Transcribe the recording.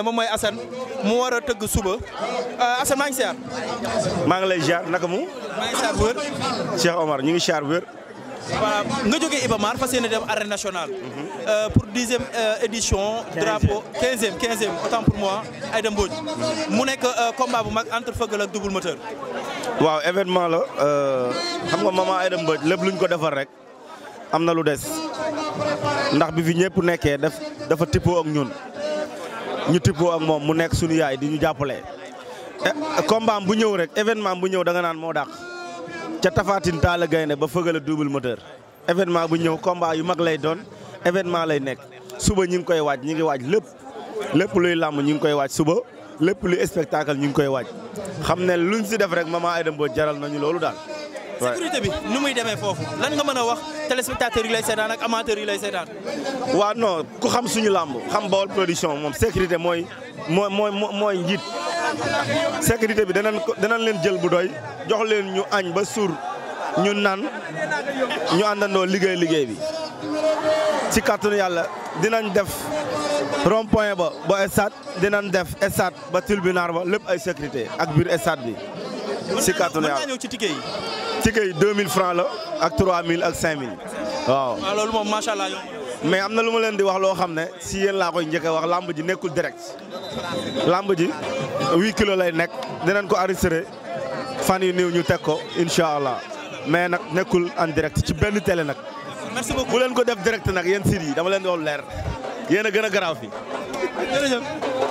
ne moom mooy Assane mu war a tëgg suba euh, Assane maa ngi siyaar. maa ngi lay ziar naka mu. maa ngi siyaar bu wér. Cheikh Omar ñu ngi siyaar bu wér. voilà nga jógee Iba Mar fas yéene dem arène nationale. Mhm. Euh, pour dixième euh, édition. drapeau quinzième quinzième autant pour moi Aïda Mbodj. Mhm. mu nekk combat bu mag entre Feugeul ak double moteur. waaw événement la xam nga maman Aïda Mbodj lépp luñ ko defar rek am na lu des ndax bi fi ñëpp nekkee daf dafa tippoo ak ñun. ñu tippoo ak moom mu nekk suñu yaay di ñu jàppale. Eh, combat bu ñëw rek événement bu ñëw da nga naan moo dàq ca tafaatin Talla Gaynde ba fëgale double moteur événement bu ñëw combat yu mag lay doon événement lay nekk suba ñu ngi koy waaj ñu ngi waaj lépp lépp luy làmb ñu ngi koy waaj suba lépp luy spectacle ñu ngi koy waaj xam ne luñ si def rek maman Aïda Mbodj jaral nañu loolu daal. sécurité bi nu muy demee foofu lan nga mën a wax téléspectateurs yi lay seetaan ak amateurs yi lay seetaan. waa non ku xam suñu làmb xam Baol production moom sécurité mooy mooy mooy mooy njiit sécurité bi danañ ko danañ leen jël bu doy jox leen ñu añ ba suur ñu naan ñu àndandoo liggéey liggéey bi ci kàttanu yàlla dinañ def rond point ba ba stade dinañ def stade ba tribunal ba lépp ay sécurité ak biir stade bi. si kàttanu yàlla mën naa ñëw ci ticket yi. ticket yi 2000 la ak 3000 ak 5000. waaw waaw ah, loolu moom macha allah mais am na lu ma leen di wax loo xam ne si yéen laa koy njëkk a wax lamb ji nekkul direct. lamb ji 8 kilos lay nekk dinañ ko enregistré fan yu néew ñu teg ko incha allah mais nag nekkul an direct ci benn télé nag. merci leen ko def direct nag yéen site dama leen di wax leer yéen a gën a garaaw fi jërëjëf.